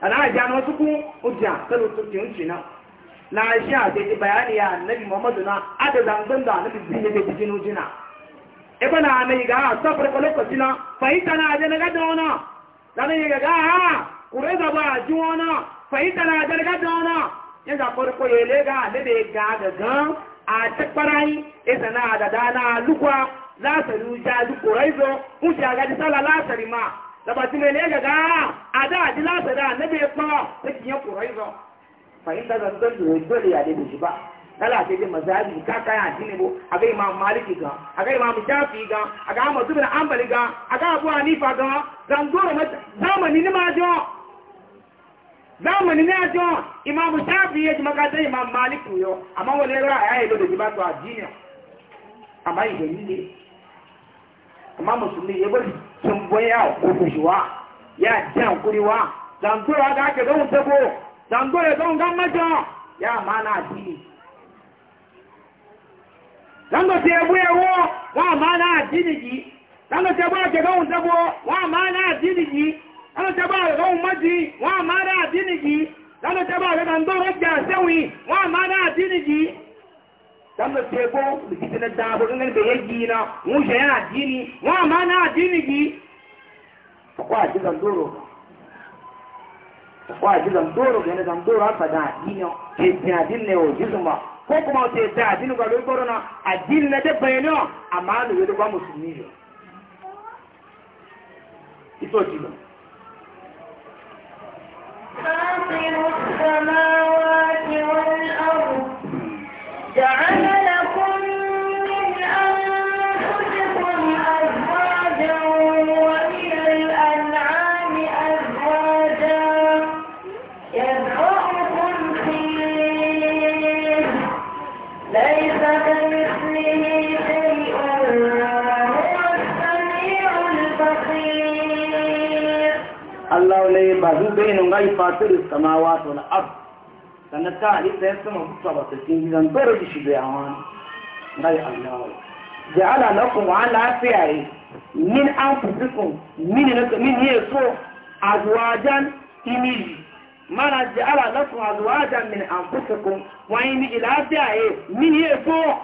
alhaji na wasu kun ujiya kalo turkin shi na na shi a daidai bayani ya annabi muhammadu na ada zangon da annabi zai da jikin ujina ebe na anai ga safar ka lokaci na fahimta na aje na gada wana zana yi ga ha kure za ba ji wana fahimta na aje na gada wana yin za farko ya lega annabi ga gagan a yi isa na adada na lukwa lasari wuce a duk kurai zo wuce a gaji sala lasari ma dabati mai ne gaga a da adi lasa da annabi ya fa ta kiyan kurai zo fahimta da zan da dole ya da shi ba kala ce jin mazhabi ka kaya addini bo aga imam maliki ga aga imam shafi ga aga ahmad ibn hanbali ga aga abu hanifa ga zan dora mata zamani ne ma jo zamani ne jo imam shafi ya jima ka sai imam maliki yo amma wale ra ya yi da amma musulmi ya bari sun boya ko kushuwa ya jan kuriwa zantora da ake gawun tabo ya gawun gan maja ya mana addini zango se ebu ewo wa mana addini ji zango se ebu ake gawun tabo wa mana addini ji zango se ebu ake gawun maji wa mana addini ji ya se ebu ake gawun tabo wa mana addini ji dan da sai na dabo in ganin na yana dini wa ma na dini ji zan doro ji zan ga ne zan aka da dini ke ne o ji zuma ko kuma sai da dini ga lo corona a na da bayano amma da wani ba musulmi ne ito جعل لكم من أنفسكم أزواجا ومن الأنعام أزواجا يدعوكم فيه ليس كمثله شيء وهو السميع البصير الله لي بهو بين غيفات السماوات والأرض sannan ta halitta ya sama mutuwa ba sarkin gidan tsoro da shi da wani rai allawa da ala lakum wa lafiya yi min an fusikun min na min ya so azwajan imiji mana da ala lakum azwajan min an fusikun wa imiji lafiya yi min ya so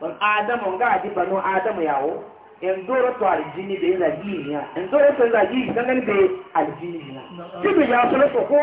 ban adamu ga ji banu adamu yawo in doro to aljini da yana jiniya in doro to yana jini kan gani aljini na. Tibi ya so ko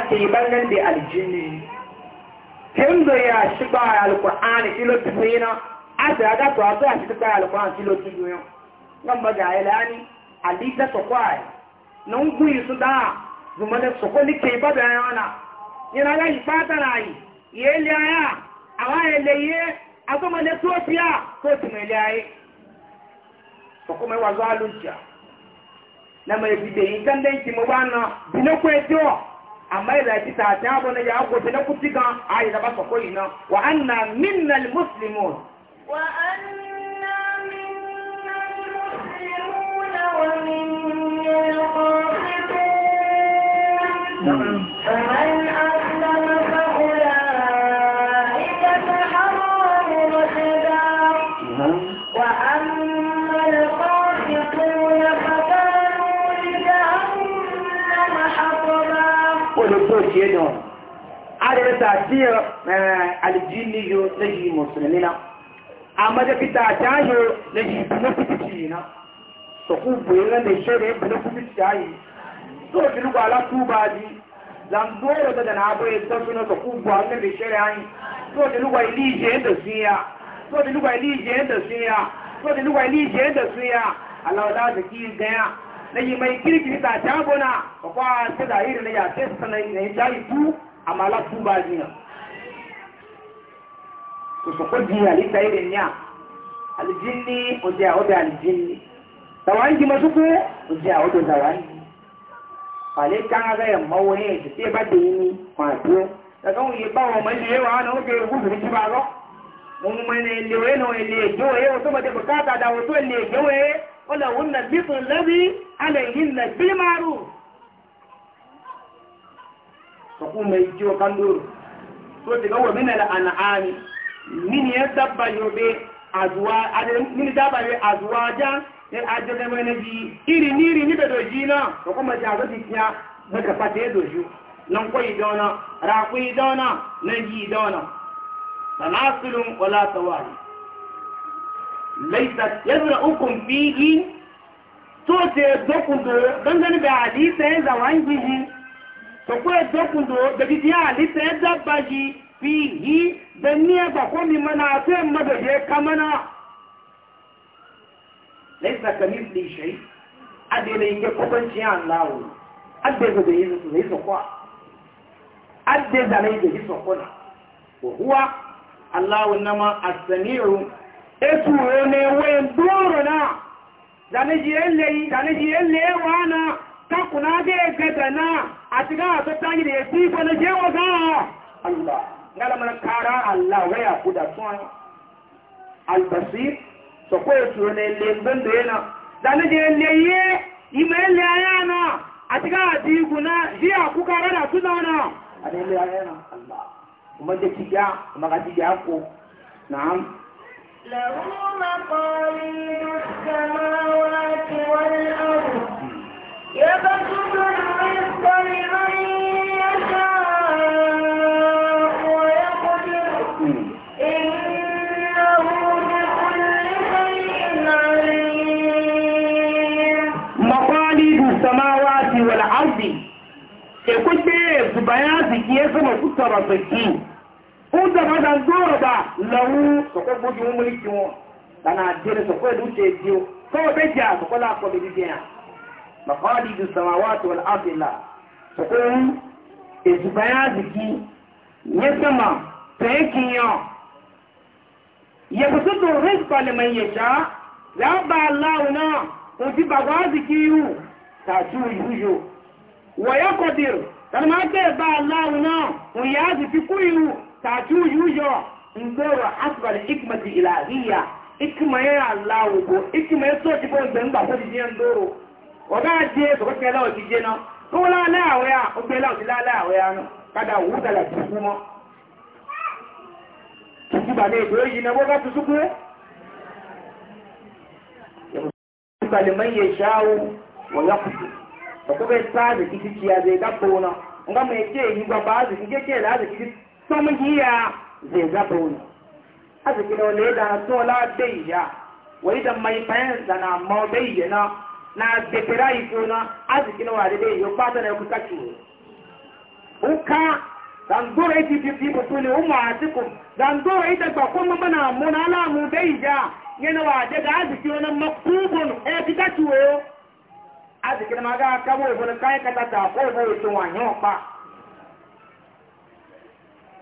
ke nan da aljini hendo ya shi ba alqur'ani kilo tuna asa ga to asa shi ba alqur'ani kilo tuna nan ba ga ilani alita to kwai nan guyi su da zuma ne so ke ba da yana yana ga yi rai yele aya le to pia ko tumele wa na mai bide yi kan dan ki mo bana bino ko amma ila ci ta ta bana ya gobe na kutika ai da ba so koyi na wa anna minnal muslimun wa anna minnal muslimun wa minnal qasitun faman aslama fa ulaika taharramu rashida wa amma al qasitun ce da wani adada tafiyar aljiniyo na shi musulmi na amma da fita tayo na shi bina fitici na su ku buyi da shirya bina fitici ya yi so fi lukwa ala tuba ji zamboro da da na abu ya tafi na su ku buwa da shirya ya yi so fi lukwa ilije da siya so fi lukwa ilije da siya so fi lukwa ilije da siya Allah da zaki gaya na yi mai kirkiri ta jagona ba kwa ta da iri na ya ce na ya jayi tu amma la ba jina to so ko jiya li ta iri aljinni o o da aljinni tawan ji masu ko o da ale kan ka ya mawone ti te ba ni kwa to daga yi ba wa mai je na o ke ba mun mai ne no jo e o to ba de ka da o to ولهن المثل الذي عليهن بالمعروف فقوم يجيو كندور سورة قوة من الأنعام من يدبا يوبي أزواج من يدبا يوبي أزواجا الأجل من يجي إيري نيري نبدو جينا فقوم يجيو كندور daga fata doju nan kwai dauna rakwai dauna nan yi dauna sanasulun wala tawari laisa yazra'ukum fihi to te dokundo dangane da hadisi da wangiji to ko dokundo da bidiya hadisi da baji fihi da niya ba ko mi mana to madaje kamana laisa kamithli shay adele yake kubanci Allah adele da yin su ne so kwa adele da ne da so kwa wa huwa Allah nama as-sami'u etuo na-enwe mgbuoro na zaneji ele na kakwu na adị egede na atiga atụta anyị na-esi ikwe na ji enwe gaa Allah ngala mana kara Allah wee da albasi na ele na zaneji ime na Allah kuma له مقاليد السماوات والأرض يبسط الرزق لمن يشاء ويقدر إنه بكل شيء عليم مقاليد السماوات والأرض يقول بيه بيازك يزمك ترى سكين kun zama da zuwa ba lawu su ko gudu mulki mu kana dire su ko duce biyu ko da ja su ko la ko bi biya maqalidu samawati wal ardi la su ko izbaya ziki ne sama ta yake yo ya fusudu rizqa liman yasha la ba allah na ko ti ba wa ziki yu ta su yujo wa yaqdir kana ma ke ba tatu yuyo ngoro asbal hikmati ilahiyya hikma ya allah wo hikma so ti bo gbe ngba so ti je ndoro o ga ti je na ko la la awe ya o gbe ti la la awe ya no kada wu da la ti ku mo ti ba le do yi na bo ga tu su ku ka le man ye shawo wa yaqtu ko be sa de ti ti ya de ga bona nga me je yi gba ba samuhiya zai zaba wani a cikin wani na na la dai ya wani da mai fayan da na mau dai ya na na befira yi tona ya kwata na kuka ita ya yana wa daga na ma wani makubun ya fi ta kabo na kayan kata ta ko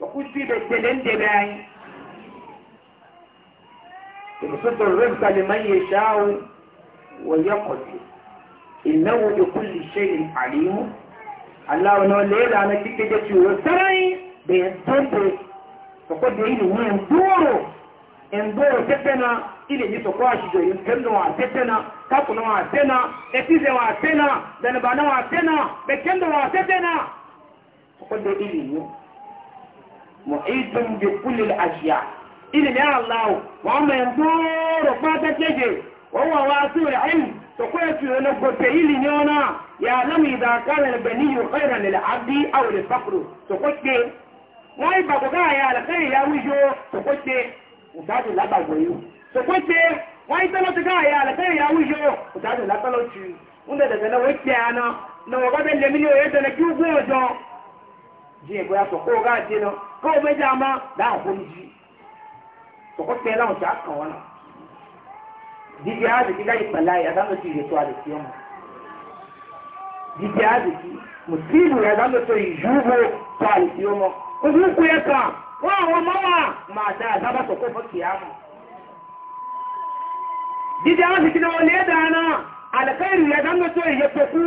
وكنتي بتدلن دباي يبسط الرزق لمن يشاء ويقدر إنه بكل شيء عليم الله نو ليلة أنا كنت جاتي وسرعي بيتنبه فقد يلي هو يندورو يندورو تتنا إلي يسوكو عشجو يمكنو عتتنا تاكنو عتنا اتيزي عتنا دنبانو عتنا بكندو عتتنا فقد يلي هو mu'idun bi kulli al-ashiya Allah wa ma yanduru fata keje wa huwa wasi'ul ilm to ko tuyo na ona ya lam idha kana al-baniyyu khayran lil-'abdi aw lil-faqru to ko ke wai ba ko ga ya alkhairi ya wujo to ko ke usadu la ba goyu to ko ke ga ya alkhairi ya wujo usadu la talauci unda daga na wai na wa ga da lemini o yadda na jí ẹgbẹ́ àtọ̀kọ́ ọ̀gá àti ẹnu kọ́ ọ méjì àmọ́ láàbò ní jí tọkọ tẹ láwọn ṣáà kàn wọn náà jíjẹ àdìsí láyé pẹ̀lá ìyàdánù ti ìrètò àdìsí ọmọ jíjẹ àdìsí mùsùlùmí ìyàdánù tó ìyúwò tó àdìsí ọmọ ojú kú ẹ kàn wọn àwọn ọmọ wa máa dá àdábà tọkọ fún kìá mọ. jíjẹ àdìsí náà wọlé dáná àdàkẹ́ ìrìnàdánù tó ìyẹpẹ̀ fún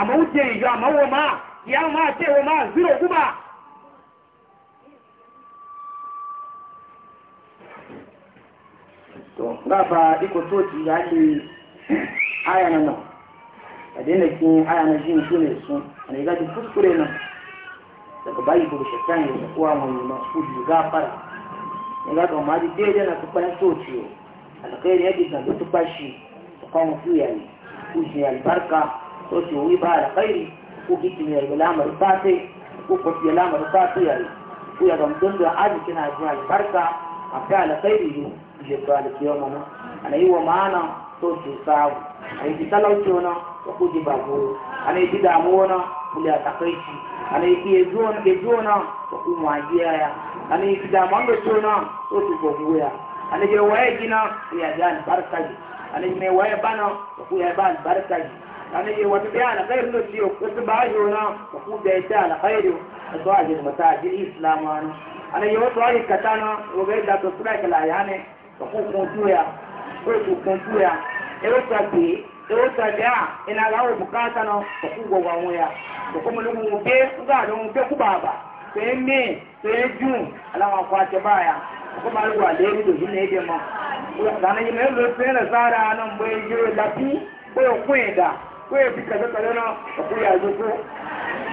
àmọ́ ó jẹ ìyọ àmọ́ wọ máa ìyá máa tẹ́ wọ máa zero gúbà to gaba iko toci ya le aya na nan a daina kin aya na jin su ne sun a ne gaji kuskure nan daga bayi ko shakkan ya da kuwa mai masu juga fara ne ga ga ma di daidai na tukpan toci alkhairi ya bi da tukpashi tukpan fiyayi kushi albarka to shi wuri ba alkhairi ko kiki ne ga lamar safe ko ko ki lamar safe ya yi ko ya gamdun da aji kina ji albarka a kai alkhairi yo je to alkiyo mana ana yi wa mana to shi sabu ana yi talauci wana ko ku ji babu ana yi damuwa na kuli a takaici ana yi ke zuwa na ko kuma ya ana yi damuwa da ciwo to shi gobe ya ana je waye gina ya ji albarka ji ana yi mai waye bana ko ya ba يعني وتبيع على خير نسيو وتبع جونا وفوت بيتا على خير وتواجه المتاجر الإسلام أنا أنا يوتو أي كتانا وغير دا تسرق لا يعني وفوت كنتويا وفوت كنتويا يوتو أبي يوتو أبيع إن أغاو بكاتنا وفوت وغاويا وكم لهم مبي وغادوا مبي كبابا فهمي فهمي ألا ما فاتي بايا وكم ألوى ليري دوجين هيدي ما وكذا أنا يمين لو سنة سارة أنا مبي جيو لفي ويقوين ده ko ya fi kaza kaza na a